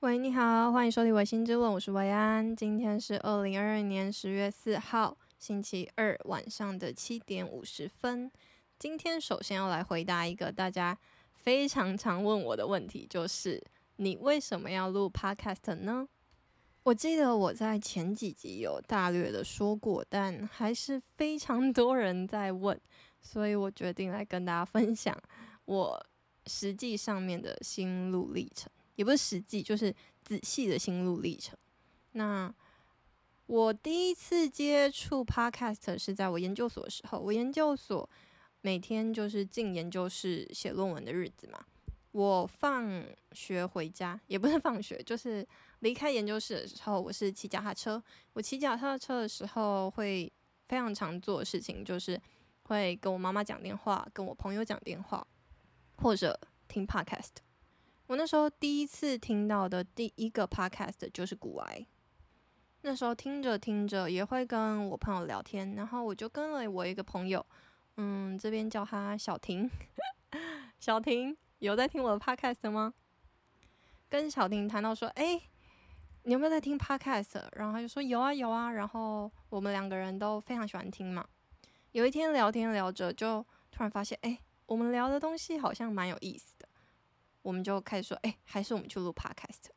喂，你好，歡迎收聽維新之問，我是維安。今天是二零二二年十月四號星期二晚上的七點五十分。今天首先要來回答一個大家非常常問我的問題，就是你為什麼要錄 Podcast 呢？我記得我在前幾集有大略的說過，但還是非常多人在問，所以我決定來跟大家分享我實際上面的心路歷程。也不是實際，就是仔細的心路歷程。那我第一次接觸 Podcast 是在我研究所的時候。我研究所每天就是進研究室寫論文的日子嘛。我放學回家，也不是放學，就是離開研究室的時候，我是騎腳踏車。我騎腳踏車的時候，會非常常做的事情就是會跟我媽媽講電話，跟我朋友講電話，或者聽 Podcast。我那時候第一次聽到的第一個 podcast 就是股癌。那時候聽着聽着，也會跟我朋友聊天，然後我就跟了我一個朋友，嗯，這邊叫他小婷。小婷有在聽我的 podcast 嗎？跟小婷談到說：“欸，你有沒有在聽 podcast？” 然後他就說：“有啊，有啊。”然後我們兩個人都非常喜歡聽嘛。有一天聊天聊着，就突然發現：“欸，我們聊的東西好像蠻有意思。”我們就開始說，哎，還是我們去錄 podcast，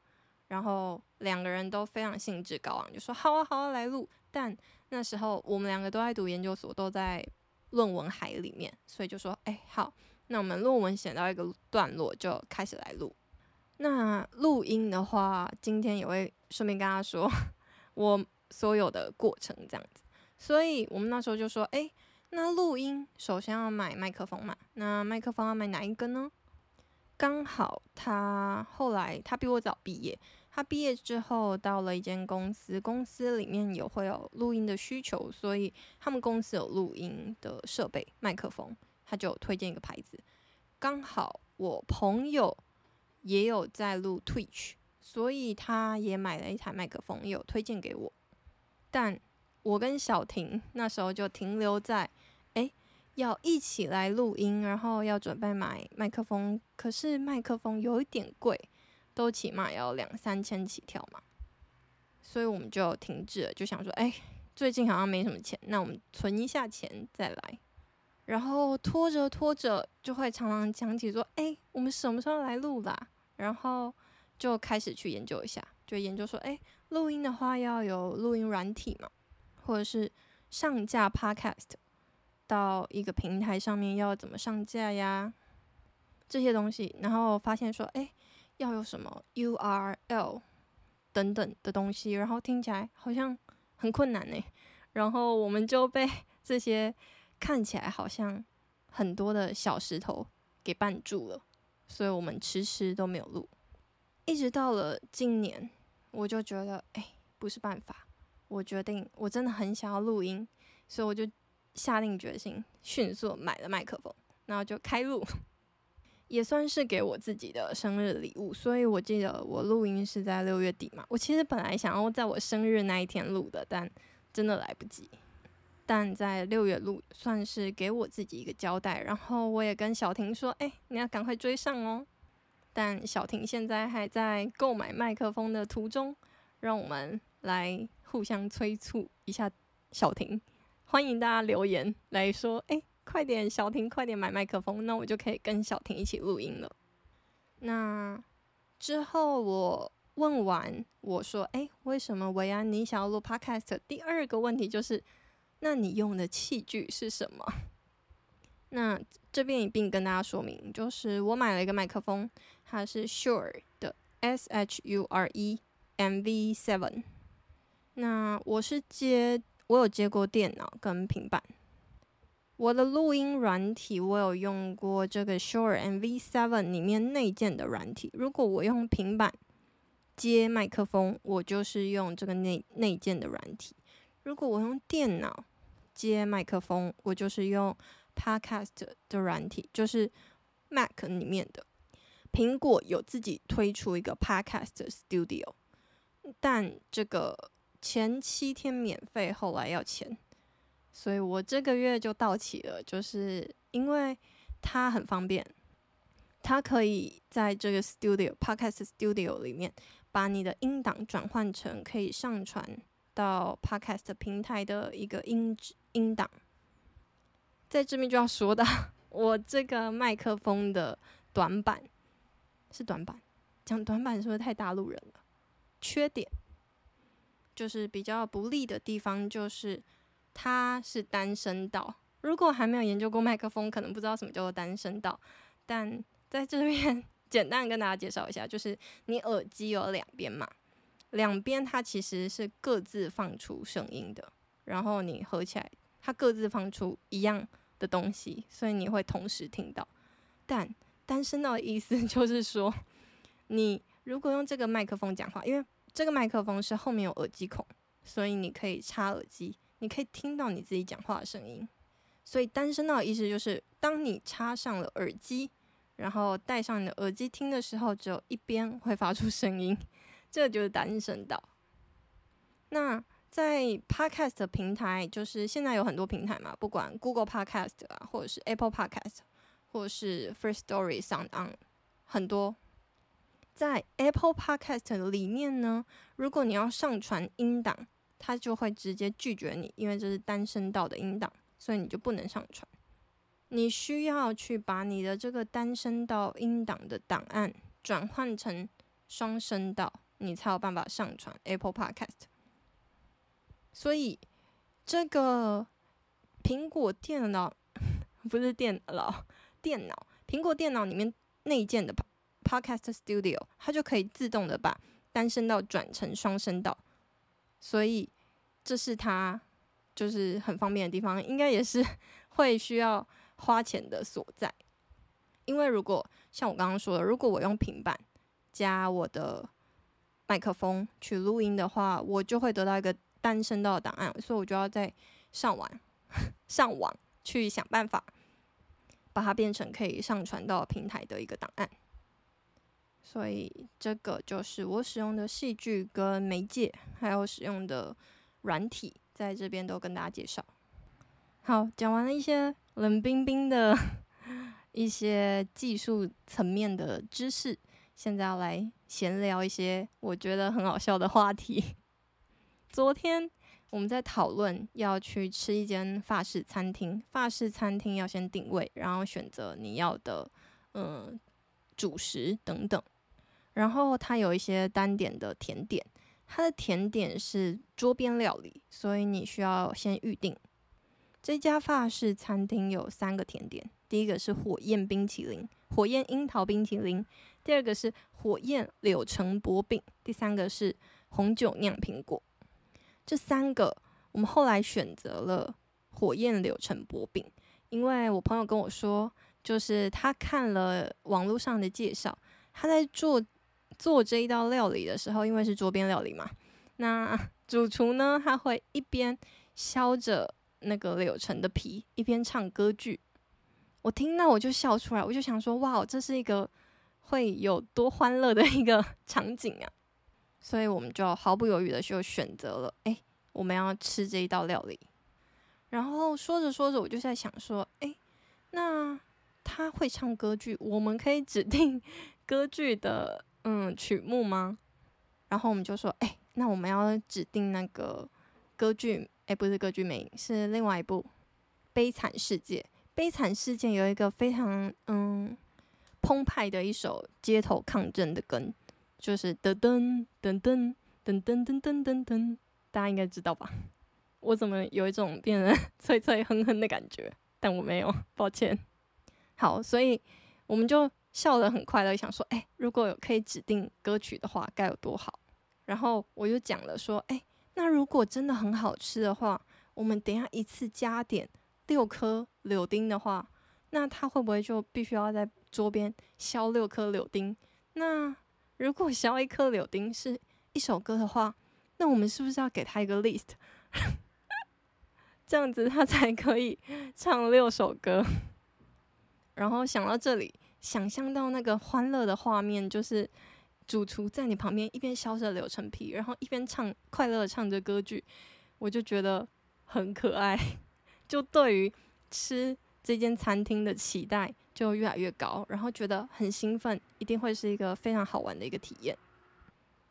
然後兩個人都非常興致高昂，就說好啊好啊來錄。但那時候我們兩個都在讀研究所，都在論文海裡面，所以就說，哎，好，那我們論文寫到一個段落就開始來錄。那錄音的話，今天也會順便跟大家說我所有的過程這樣子。所以我們那時候就說，哎，那錄音首先要買麥克風嘛，那麥克風要買哪一個呢？剛好他後來他比我早畢業，他畢業之後到了一間公司，公司裡面有會有錄音的需求，所以他們公司有錄音的設備麥克風，他就推薦一個牌子。剛好我朋友也有在錄 Twitch，所以他也買了一台麥克風，有推薦給我。但我跟小婷那時候就停留在。要一起來錄音，然後要準備買麥克風，可是麥克風有一點貴，都起碼要兩三千起跳嘛，所以我們就停止了，就想說，哎、欸，最近好像沒什麼錢，那我們存一下錢再來，然後拖着拖着就會常常講起說，哎、欸，我們什麼時候來錄啦、啊，然後就開始去研究一下，就研究說，哎、欸，錄音的話要有錄音軟體嘛，或者是上架 Podcast。到一個平台上面要怎麼上架呀？這些東西，然後發現說，哎，要有什麼 URL 等等的東西，然後聽起來好像很困難呢。然後我們就被這些看起來好像很多的小石頭給絆住了，所以我們遲遲都沒有錄。一直到了今年，我就覺得，哎，不是辦法，我決定，我真的很想要錄音，所以我就。下定決心，迅速買了麥克風，然後就開錄，也算是給我自己的生日禮物。所以我記得我錄音是在六月底嘛。我其實本來想要在我生日那一天錄的，但真的來不及。但在六月錄，算是給我自己一個交代。然後我也跟小婷說：“哎，你要趕快追上哦。”但小婷現在還在購買麥克風的途中，讓我們來互相催促一下小婷。歡迎大家留言來說，哎，快點，小婷，快點買麥克風，那我就可以跟小婷一起錄音了。那之後我問完，我說，哎，為什麼維安你想要錄 Podcast？第二個問題就是，那你用的器具是什麼？那這邊一併跟大家說明，就是我買了一個麥克風，它是 Shure 的 S H U R E M V 7。那我是接。我有接過電腦跟平板。我的錄音軟體，我有用過這個 Shure MV7 裡面內建的軟體。如果我用平板接麥克風，我就是用這個內內建的軟體；如果我用電腦接麥克風，我就是用 Podcast 的軟體，就是 Mac 裡面的。蘋果有自己推出一個 Podcast Studio，但這個。前七天免費，後來要錢，所以我這個月就到期了。就是因為它很方便，它可以在這個 Studio Podcast Studio 裡面把你的音檔轉換成可以上傳到 Podcast 平台的一個音音檔。在這裡就要說到我這個麥克風的短板，是短板。講短板是不是太大陸人了？缺點。就是比較不利的地方，就是它是單聲道。如果還沒有研究過麥克風，可能不知道什麼叫做單聲道。但在這邊簡單跟大家介紹一下，就是你耳機有兩邊嘛，兩邊它其實是各自放出聲音的，然後你合起來，它各自放出一樣的東西，所以你會同時聽到。但單聲道的意思就是說，你如果用這個麥克風講話，因為這個麥克風是後面有耳機孔，所以你可以插耳機，你可以聽到你自己講話的聲音。所以單聲道的意思就是，當你插上了耳機，然後戴上你的耳機聽的時候，只有一邊會發出聲音，這就是單聲道。那在 Podcast 的平台，就是現在有很多平台嘛，不管 Google Podcast 啊，或者是 Apple Podcast，或者是 Firstory、Sound On，很多。在 Apple Podcast 裡面呢，如果你要上傳音檔，它就會直接拒絕你，因為這是單聲道的音檔，所以你就不能上傳。你需要去把你的這個單聲道音檔的檔案轉換成雙聲道，你才有辦法上傳 Apple Podcast。所以，這個蘋果電腦不是電腦，電腦蘋果電腦裡面內建的吧？Podcast Studio，它就可以自動的把單聲道轉成雙聲道，所以這是它就是很方便的地方，應該也是會需要花錢的所在，因為如果像我剛剛說的，如果我用平板加我的麥克風去錄音的話，我就會得到一個單聲道的檔案，所以我就要在上網上網去想辦法把它變成可以上傳到平台的一個檔案。所以這個就是我使用的器具跟媒介，還有使用的軟體，在這邊都跟大家介紹。好，講完了一些冷冰冰的一些技術層面的知識，現在要來閒聊一些我覺得很好笑的話題。昨天我們在討論要去吃一間法式餐廳，法式餐廳要先定位，然後選擇你要的嗯，主食等等。然後它有一些單點的甜點，它的甜點是桌邊料理，所以你需要先預定。這家法式餐廳有三個甜點，第一個是火焰冰淇淋，火焰櫻桃冰淇淋；第二個是火焰柳橙薄餅；第三個是紅酒釀蘋果。這三個我們後來選擇了火焰柳橙薄餅，因為我朋友跟我說，就是他看了網絡上的介紹，他在做。做這一道料理的時候，因為是桌邊料理嘛，那主廚呢，他會一邊削着那個柳橙的皮，一邊唱歌劇。我聽到我就笑出來，我就想說，哇，這是一個會有多歡樂的一個場景啊！所以我們就毫不猶豫的就選擇了，哎、欸，我們要吃這一道料理。然後說着說着，我就在想說，哎、欸，那他會唱歌劇，我們可以指定歌劇的。嗯，曲目嗎？然後我們就說，哎、欸，那我們要指定那個歌劇，哎、欸，不是歌劇魅影，是另外一部《悲慘世界》。《悲慘世界》有一個非常嗯、澎湃的一首街頭抗爭的歌，就是噔噔噔噔，噔噔噔噔噔噔噔，大家應該知道吧？我怎麼有一種變得 脆脆哼哼的感覺？但我沒有，抱歉。好，所以我們就笑得很快樂，想說：“哎、欸，如果有可以指定歌曲的話，該有多好。”然後我就講了說：“哎、欸，那如果真的很好吃的話，我們等下一次加點六顆柳丁的話，那他會不會就必須要在桌邊削六顆柳丁？那如果削一顆柳丁是一首歌的話，那我們是不是要給他一個 list， 這樣子他才可以唱六首歌 ？”然後想到這裡。想象到那個歡樂的畫面，就是主廚在你旁邊一邊削着柳橙皮，然後一邊唱快樂的唱着歌劇，我就覺得很可愛。 就對於吃這間餐廳的期待就越來越高，然後覺得很興奮，一定會是一個非常好玩的一個體驗。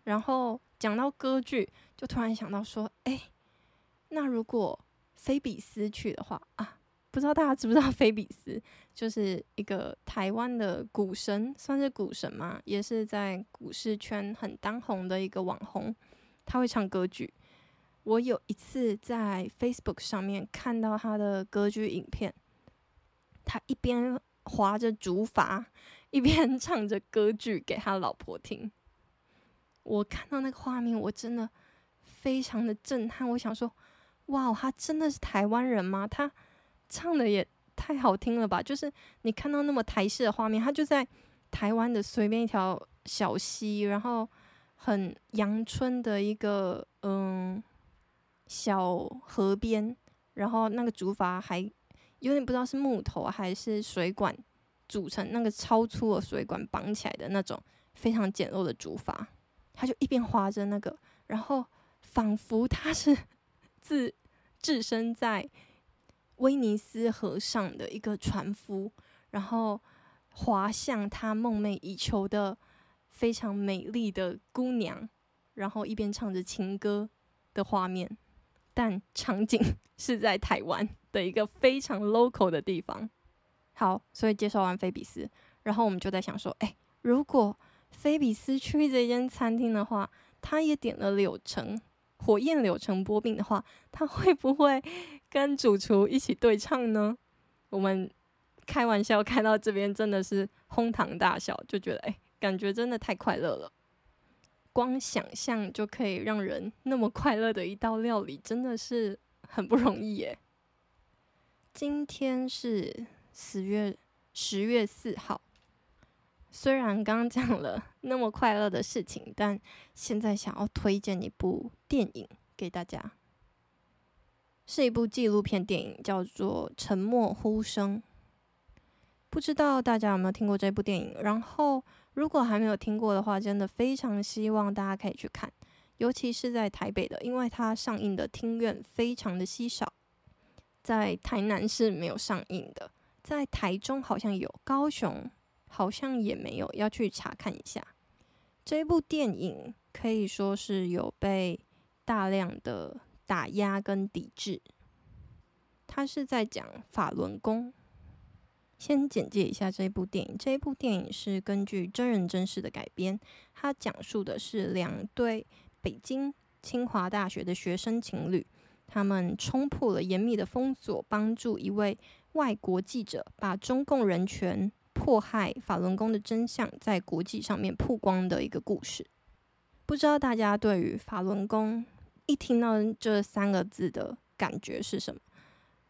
然後講到歌劇，就突然想到說，哎、欸，那如果菲比斯去的話啊。不知道大家知不知道菲比斯，就是一個台灣的股神，算是股神嘛，也是在股市圈很當紅的一個網紅。他會唱歌劇，我有一次在 Facebook 上面看到他的歌劇影片，他一邊划着竹筏，一邊唱着歌劇給他老婆聽。我看到那個畫面，我真的非常的震撼。我想說，哇，他真的是台灣人嗎？他……唱得也太好聽了吧！就是你看到那麼台式的畫面，他就在台灣的隨便一條小溪，然後很陽春的一個嗯小河邊，然後那個竹筏還有點不知道是木頭還是水管組成，那個超粗的水管綁起來的那種非常簡陋的竹筏，他就一邊劃着那個，然後仿佛他是自置身在。威尼斯河上的一個船夫，然後滑向他夢寐以求的非常美麗的姑娘，然後一邊唱着情歌的畫面。但場景是在台灣的一個非常 local 的地方。好，所以介紹完菲比斯，然後我們就在想說，哎，如果菲比斯去這間餐廳的話，他也點了柳橙火焰柳橙波餅的話，他會不會跟主廚一起對唱呢？我們開玩笑開到這邊，真的是哄堂大笑，就覺得哎，感覺真的太快樂了。光想象就可以讓人那麼快樂的一道料理，真的是很不容易耶。今天是十月十月四號。雖然剛剛講了那麼快樂的事情，但現在想要推薦一部電影給大家，是一部紀錄片電影，叫做《沉默呼聲》。不知道大家有沒有聽過這部電影？然後，如果還沒有聽過的話，真的非常希望大家可以去看，尤其是在台北的，因為它上映的廳院非常的稀少，在台南是沒有上映的，在台中好像有，高雄，好像也沒有要去查看一下這一部電影，可以說是有被大量的打壓跟抵制。它是在講法輪功。先簡介一下這一部電影。這部電影是根據真人真事的改編。它講述的是兩對北京清華大學的學生情侶，他們衝破了嚴密的封鎖，幫助一位外國記者把中共人權。迫害法輪功的真相在國際上面曝光的一個故事。不知道大家對於法輪功一聽到這三個字的感覺是什麼？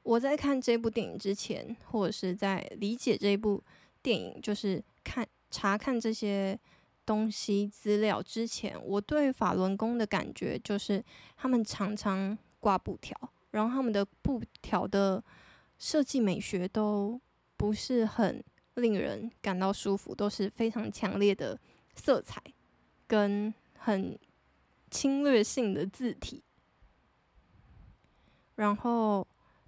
我在看這部電影之前，或者是在理解這部電影，就是看查看這些東西資料之前，我對法輪功的感覺就是他們常常掛布條，然後他們的布條的設計美學都不是很。令人感到舒服，都是非常強烈的色彩，跟很侵略性的字體。然後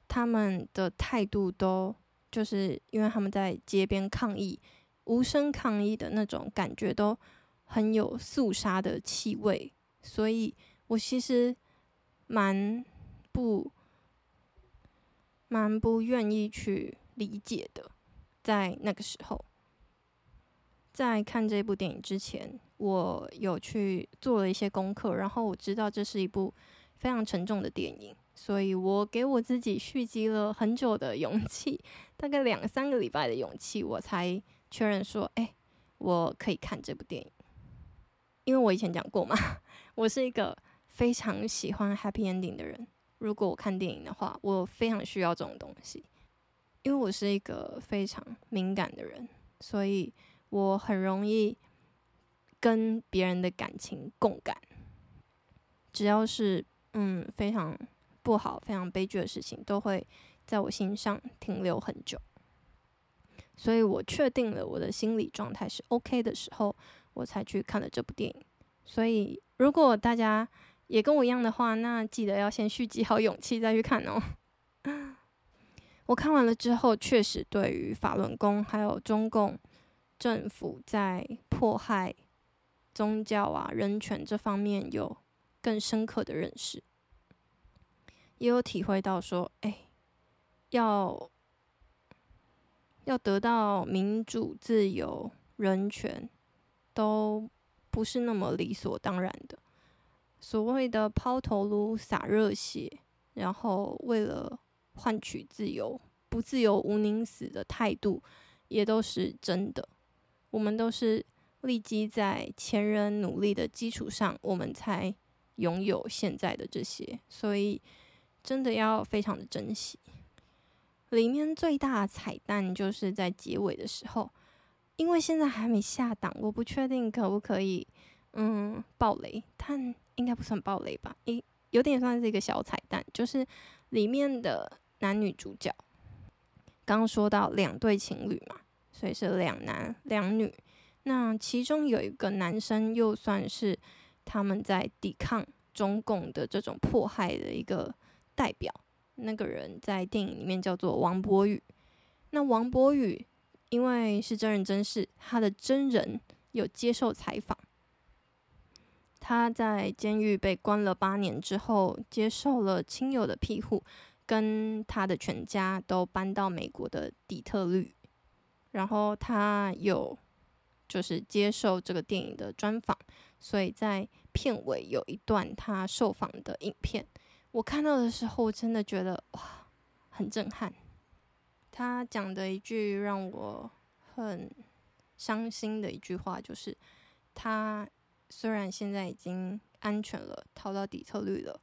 他們的態度都就是因為他們在街邊抗議，無聲抗議的那種感覺都很有肅殺的氣味，所以我其實蠻不，蠻不願意去理解的。在那個時候，在看這部電影之前，我有去做了一些功課，然後我知道這是一部非常沉重的電影，所以我給我自己蓄積了很久的勇氣，大概兩三個禮拜的勇氣，我才確認說，哎、欸，我可以看這部電影。因為我以前講過嘛，我是一個非常喜歡 happy ending 的人，如果我看電影的話，我非常需要這種東西。因為我是一個非常敏感的人，所以我很容易跟別人的感情共感。只要是嗯，非常不好、非常悲劇的事情，都會在我心上停留很久。所以我確定了我的心理狀態是 OK 的時候，我才去看了這部電影。所以如果大家也跟我一樣的話，那記得要先蓄積好勇氣再去看哦。我看完了之後，確實對於法輪功還有中共政府在迫害宗教啊、人權這方面有更深刻的認識，也有體會到說，哎、欸，要要得到民主、自由、人權，都不是那麼理所當然的。所謂的拋頭顱、灑熱血，然後為了，換取自由，不自由無寧死的態度，也都是真的。我們都是立基在前人努力的基礎上，我們才擁有現在的這些，所以真的要非常的珍惜。裡面最大的彩蛋就是在結尾的時候，因為現在還沒下檔，我不確定可不可以，嗯，爆雷，但應該不算爆雷吧？一、欸，有點算是一個小彩蛋，就是裡面的。男女主角剛說到兩對情侶嘛，所以是兩男兩女。那其中有一個男生，又算是他們在抵抗中共的這種迫害的一個代表。那個人在電影裡面叫做王博宇。那王博宇因為是真人真事，他的真人有接受採訪。他在監獄被關了八年之後，接受了親友的庇護，跟他的全家都搬到美國的底特律，然後他有就是接受這個電影的專訪，所以在片尾有一段他受訪的影片。我看到的時候真的覺得哇，很震撼。他講的一句讓我很傷心的一句話，就是他雖然現在已經安全了，逃到底特律了，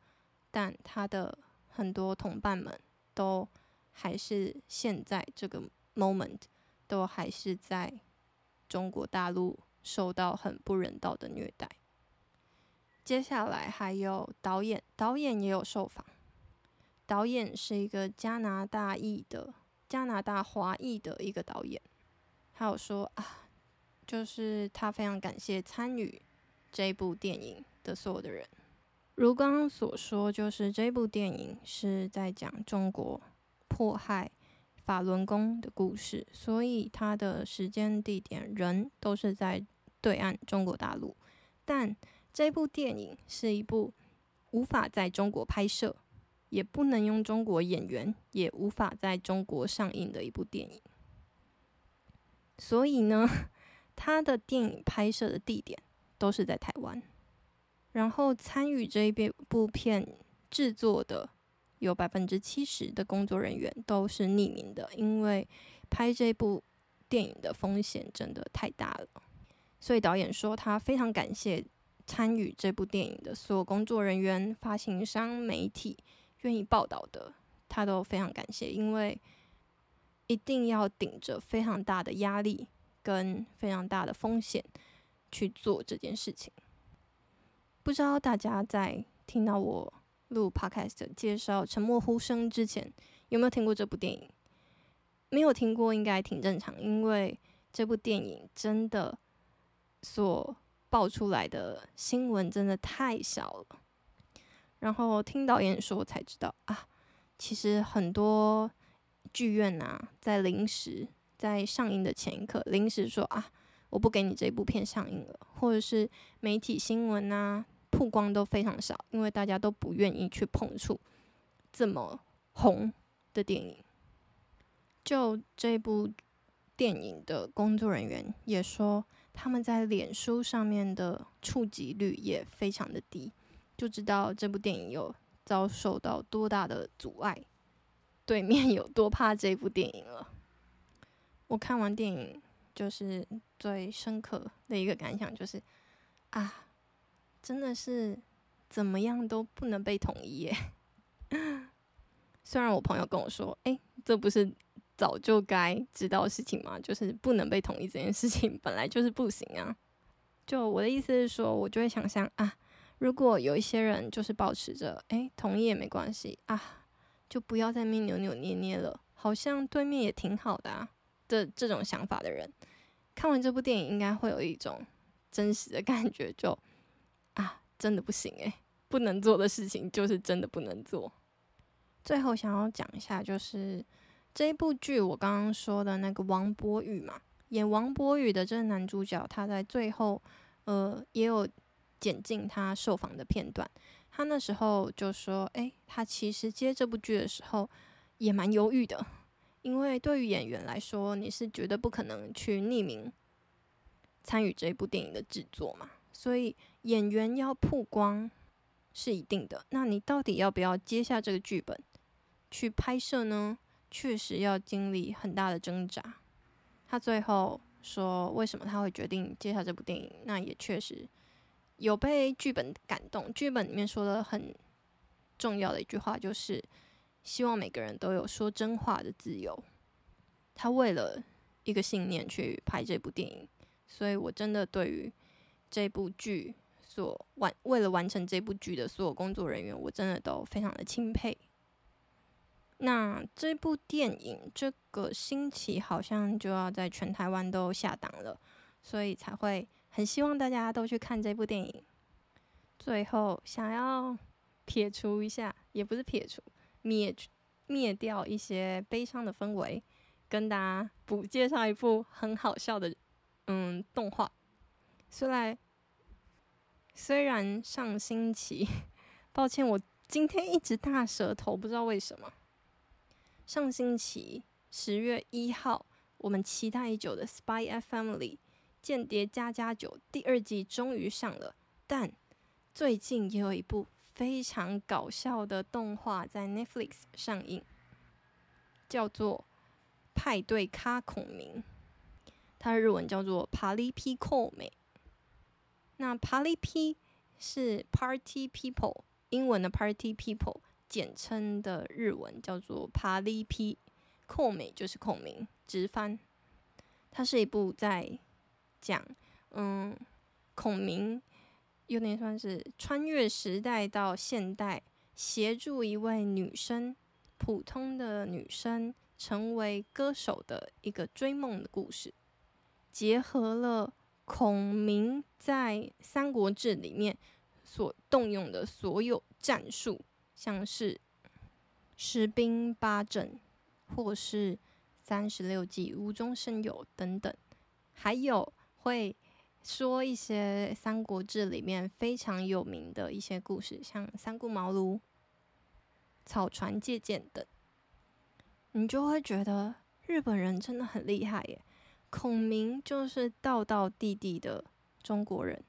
但他的。很多同伴們都還是現在這個 moment 都還是在中國大陸受到很不人道的虐待。接下來還有導演，導演也有受訪。導演是一個加拿大裔的加拿大華裔的一個導演，還有說啊，就是他非常感謝參與這部電影的所有的人。如剛剛所說，就是這部電影是在講中國迫害法輪功的故事，所以它的時間、地點、人都是在對岸中國大陸。但這部電影是一部無法在中國拍攝，也不能用中國演員，也無法在中國上映的一部電影。所以呢，它的電影拍攝的地點都是在台灣。然後參與這一部片制作的有百分之七十的工作人員都是匿名的，因為拍這部電影的風險真的太大了。所以導演說，他非常感謝參與這部電影的所有工作人員、發行商、媒體願意報道的，他都非常感謝，因為一定要頂着非常大的壓力跟非常大的風險去做這件事情。不知道大家在聽到我錄 podcast 介紹《沉默呼聲》之前，有沒有聽過這部電影？沒有聽過應該挺正常，因為這部電影真的所爆出來的新聞真的太少了。然後聽導演說我才知道啊，其實很多劇院吶、啊，在臨時在上映的前一刻，臨時說啊，我不給你這部片上映了，或者是媒體新聞吶、啊。曝光都非常少，因為大家都不願意去碰觸這麼紅的電影。就這部電影的工作人員也說，他們在臉書上面的觸及率也非常的低，就知道這部電影有遭受到多大的阻礙，對面有多怕這部電影了。我看完電影，就是最深刻的一個感想就是啊。真的是怎麼樣都不能被統一耶。 雖然我朋友跟我說：“哎、欸，這不是早就該知道的事情嗎？就是不能被統一這件事情本來就是不行啊。”就我的意思是說，我就會想象啊，如果有一些人就是保持着“哎、欸，統一也沒關係啊”，就不要再面扭扭捏捏了，好像對面也挺好的啊。這這種想法的人，看完這部電影應該會有一種真實的感覺。就。真的不行誒、欸，不能做的事情就是真的不能做。最後想要講一下，就是這一部劇我剛剛說的那個王博宇嘛，演王博宇的這個男主角，他在最後呃也有剪進他受訪的片段。他那時候就說，哎、欸，他其實接這部劇的時候也蠻猶豫的，因為對於演員來說，你是絕對不可能去匿名參與這一部電影的制作嘛。所以演員要曝光是一定的。那你到底要不要接下這個劇本去拍攝呢？確實要經歷很大的掙扎。他最後說，為什麼他會決定接下這部電影？那也確實有被劇本感動。劇本裡面說的很重要的一句話就是：希望每個人都有說真話的自由。他為了一個信念去拍這部電影，所以我真的對於這部劇所完，為了完成這部劇的所有工作人員，我真的都非常的欽佩。那這部電影這個星期好像就要在全台灣都下檔了，所以才會很希望大家都去看這部電影。最後，想要撇除一下，也不是撇除，滅滅掉一些悲傷的氛圍，跟大家補介紹一部很好笑的嗯動畫。雖然雖然上星期，抱歉，我今天一直大舌頭，不知道為什麼。上星期十月一號，我們期待已久的里《Spy Family》間諜家家酒第二季終於上了。但最近也有一部非常搞笑的動畫在 Netflix 上映，叫做《派對咖孔明》，它的日文叫做《パリピ孔明》。那爬 a l 是 Party People，英文的 Party People，簡稱的日文叫做爬 a l i 美就是孔明，直翻。它是一部在講，嗯，孔明有點算是穿越時代到現代，協助一位女生，普通的女生，成為歌手的一個追夢的故事，結合了。孔明在《三國志》裡面所動用的所有戰術，像是十兵八陣，或是三十六計、無中生有等等，還有會說一些《三國志》裡面非常有名的一些故事，像三顧茅廬、草船借箭等，你就會覺得日本人真的很厲害耶。孔明就是道道地地的中國人，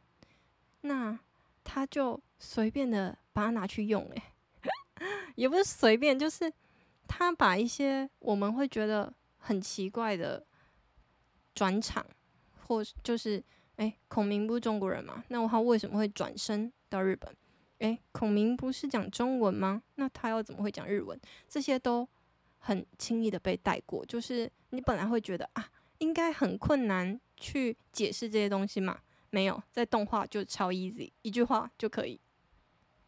那他就隨便的把它拿去用，欸，哎， 也不是隨便，就是他把一些我們會覺得很奇怪的轉場，或就是，哎，欸，孔明不是中國人嗎？那他為什麼會轉身到日本？哎，欸，孔明不是講中文嗎？那他又怎麼會講日文？這些都很輕易的被帶過，就是你本來會覺得啊。應該很困難去解釋這些東西嘛？沒有，在動畫就超 easy，一句話就可以。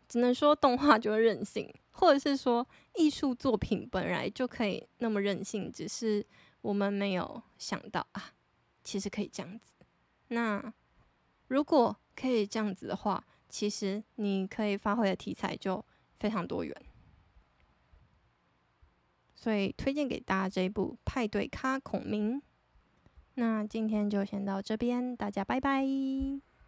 只能說動畫就任性，或者是說藝術作品本來就可以那麼任性，只是我們沒有想到啊，其實可以這樣子。那如果可以這樣子的話，其實你可以發揮的題材就非常多元。所以推薦給大家這一部《派對咖孔明》。那今天就先到這邊，大家拜拜。